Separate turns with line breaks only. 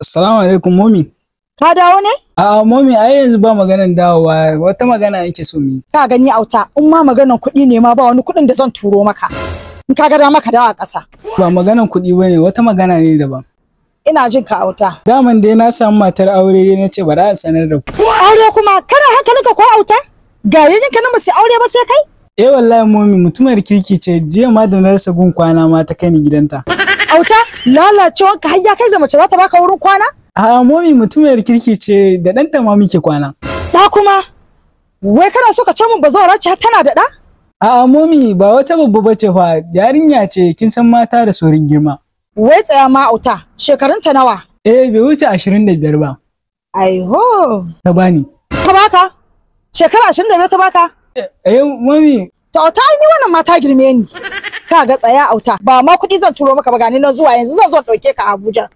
Assalamu alaikum momi. Ka dawo ne? A momi ai yanzu ba maganan dawowa wata magana yake so mi.
Ka gani auta in ma maganan kuɗi ne ma ba wani kuɗin da zan turo maka. In ka gada maka dawa ƙasa.
Ba maganan kuɗi bane wata magana ne daban.
Ina jin ka auta.
Daman dai na samu matar aure ne na ce bari a sanar da ku.
Aure kuma kana haka naka ko auta? Ga yayin ka na ba aure ba sai kai?
eh wallahi momi mutumar kirki ce jiya ma da na rasa gun kwana ma ta kai ni gidanta auta wanka har ya kai da mace za ta baka wurin kwana a momi mutumar kirki ce da danta ma muke kwana da kuma wai kana so ka ce mun bazawara ce tana da ɗa a momi ba wata babba bace fa yarinya ce kin san mata da sorin girma wai tsaya ma auta shekarunta nawa eh bai wuce ashirin da biyar ba
aiho ta bani ta baka shekara ashirin da ta baka Eh, eh, mami. To auta ni wannan mata girme ni. Ka ga tsaya auta. Ba ma kuɗi zan turo maka ba gani nan zuwa yanzu zan zo ɗauke ka Abuja.